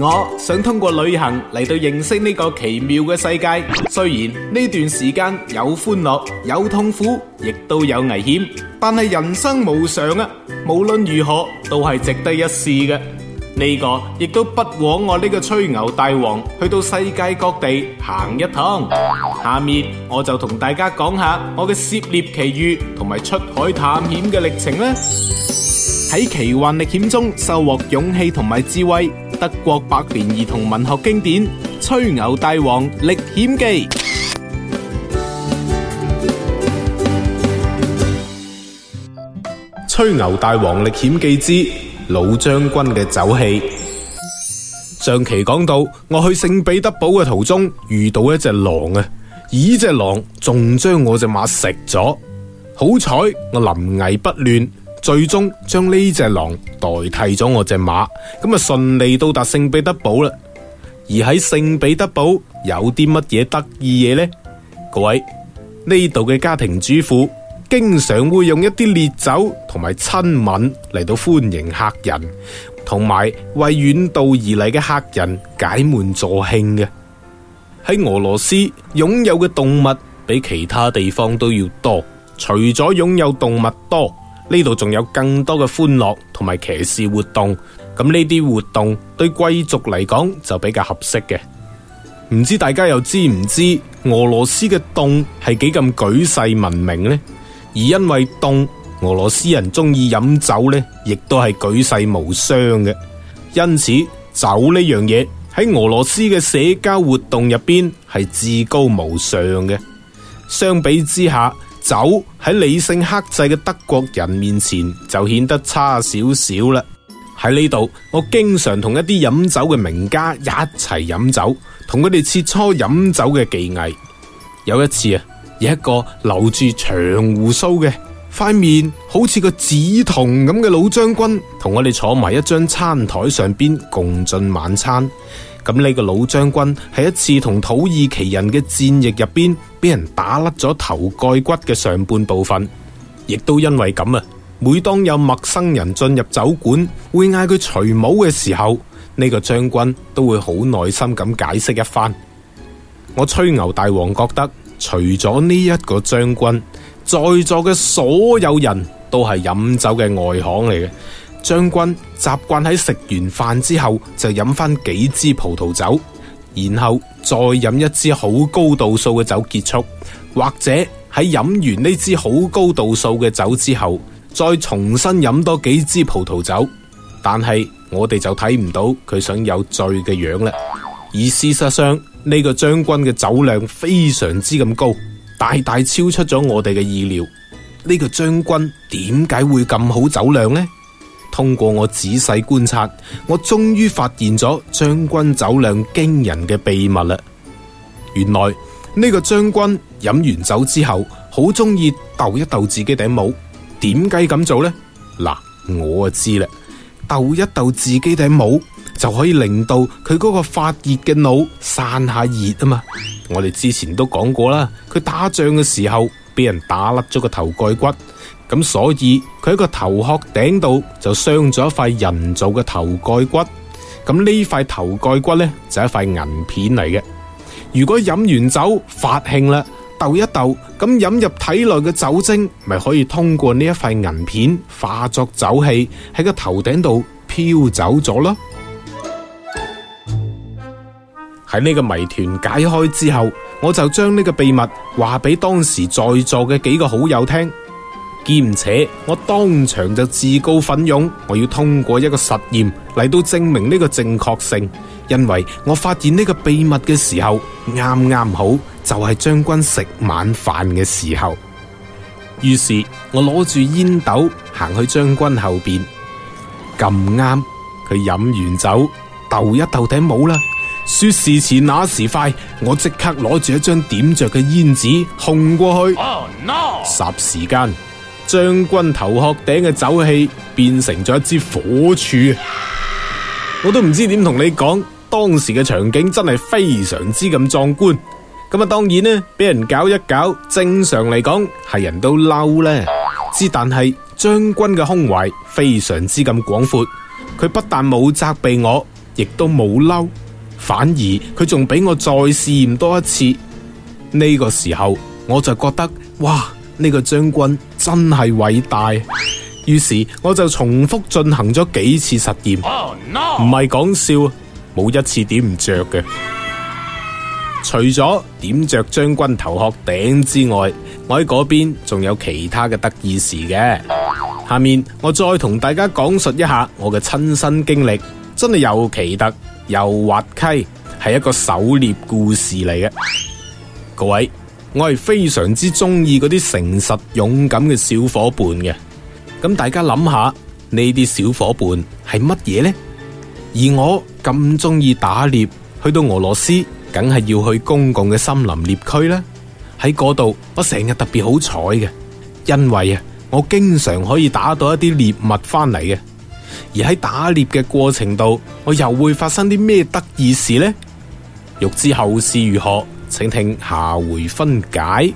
我想通過旅行嚟到認識呢個奇妙嘅世界。雖然呢段時間有歡樂、有痛苦，亦都有危險，但係人生無常啊！無論如何，都係值得一試嘅。呢個亦都不枉我呢個吹牛大王去到世界各地行一趟。下面我就同大家講下我嘅涉獵奇遇同埋出海探險嘅歷程啦。喺奇幻歷險中收穫勇氣同埋智慧。德國百年兒童文學經典《吹牛大王歷險記》。《吹牛大王歷險記》之《老將軍嘅酒氣》。上期講到，我去聖彼得堡嘅途中遇到一隻狼啊，而呢隻狼仲將我隻馬食咗，好彩我臨危不亂。最終將呢隻狼代替咗我隻馬，咁啊順利到達聖彼得堡啦。而喺聖彼得堡有啲乜嘢得意嘢呢？各位呢度嘅家庭主婦經常會用一啲烈酒同埋親吻嚟到歡迎客人，同埋為遠道而嚟嘅客人解悶助興嘅。喺俄羅斯擁有嘅動物比其他地方都要多，除咗擁有動物多。呢度仲有更多嘅歡樂同埋騎士活動，咁呢啲活動對貴族嚟講就比較合適嘅。唔知大家又知唔知俄羅斯嘅凍係幾咁舉世聞名呢？而因為凍，俄羅斯人中意飲酒呢，亦都係舉世無雙嘅。因此，酒呢樣嘢喺俄羅斯嘅社交活動入邊係至高無上嘅。相比之下，酒喺理性克制嘅德國人面前就顯得差少少啦。喺呢度，我經常同一啲飲酒嘅名家一齊飲酒，同佢哋切磋飲酒嘅技藝。有一次啊，有一個留住長胡鬚嘅塊面好似個紫銅咁嘅老將軍，同我哋坐埋一張餐台上邊共進晚餐。咁呢個老將軍係一次同土耳其人嘅戰役入邊，俾人打甩咗頭蓋骨嘅上半部分，亦都因為咁啊。每當有陌生人進入酒館，會嗌佢除帽嘅時候，呢個將軍都會好耐心咁解釋一番。我吹牛大王覺得，除咗呢一個將軍，在座嘅所有人都係飲酒嘅外行嚟嘅。將軍習慣喺食完飯之後就飲翻幾支葡萄酒，然後再飲一支好高度數嘅酒結束，或者喺飲完呢支好高度數嘅酒之後，再重新飲多幾支葡萄酒。但係我哋就睇唔到佢想有醉嘅樣啦。而事實上，呢個將軍嘅酒量非常之咁高，大大超出咗我哋嘅意料。呢個將軍點解會咁好酒量呢？通過我仔細觀察，我終於發現咗將軍酒量驚人嘅秘密啦！原來呢個將軍飲完酒之後，好中意逗一逗自己頂帽。點解咁做呢？嗱，我啊知啦，逗一逗自己頂帽就可以令到佢嗰個發熱嘅腦散下熱啊嘛！我哋之前都講過啦，佢打仗嘅時候俾人打甩咗個頭蓋骨。咁所以佢喺個頭殼頂度就鑲咗一塊人造嘅頭蓋骨。咁呢塊頭蓋骨呢，就係一塊銀片嚟嘅。如果飲完酒發興啦，鬥一斗，咁飲入體內嘅酒精咪可以通過呢一塊銀片化作酒氣，喺個頭頂度飄走咗咯。喺呢個謎團解開之後，我就將呢個秘密話俾當時在座嘅幾個好友聽。而且我當場就自告奮勇，我要通過一個實驗嚟到證明呢個正確性。因為我發現呢個秘密嘅時候，啱啱好就係、是、將軍食晚飯嘅時候。於是我攞住煙斗行去將軍後邊，咁啱佢飲完酒，抖一抖頂帽啦，說時遲那時快，我即刻攞住一張點着嘅煙紙烘過去，霎、oh, no! 時間。將軍頭殼頂嘅酒氣變成咗一支火柱，我都唔知點同你講。當時嘅場景真係非常之咁壯觀。咁啊，當然呢，俾人搞一搞，正常嚟講係人都嬲呢。之但係將軍嘅胸懷非常之咁廣闊，佢不但冇責備我，亦都冇嬲，反而佢仲俾我再試驗多一次。呢個時候我就覺得哇，呢個將軍。真係偉大，於是我就重複進行咗幾次實驗，唔係講笑，冇一次點唔着嘅。除咗點着將軍頭殼頂之外，我喺嗰邊仲有其他嘅得意事嘅。下面我再同大家講述一下我嘅親身經歷，真係又奇特又滑稽，係一個狩獵故事嚟嘅。各位。我係非常之中意嗰啲誠實勇敢嘅小伙伴嘅，咁大家諗下呢啲小伙伴係乜嘢呢？而我咁中意打獵，去到俄羅斯，梗係要去公共嘅森林獵區啦。喺嗰度，我成日特別好彩嘅，因為啊，我經常可以打到一啲獵物翻嚟嘅。而喺打獵嘅過程度，我又會發生啲咩得意事呢？欲知後事如何？請聽下回分解。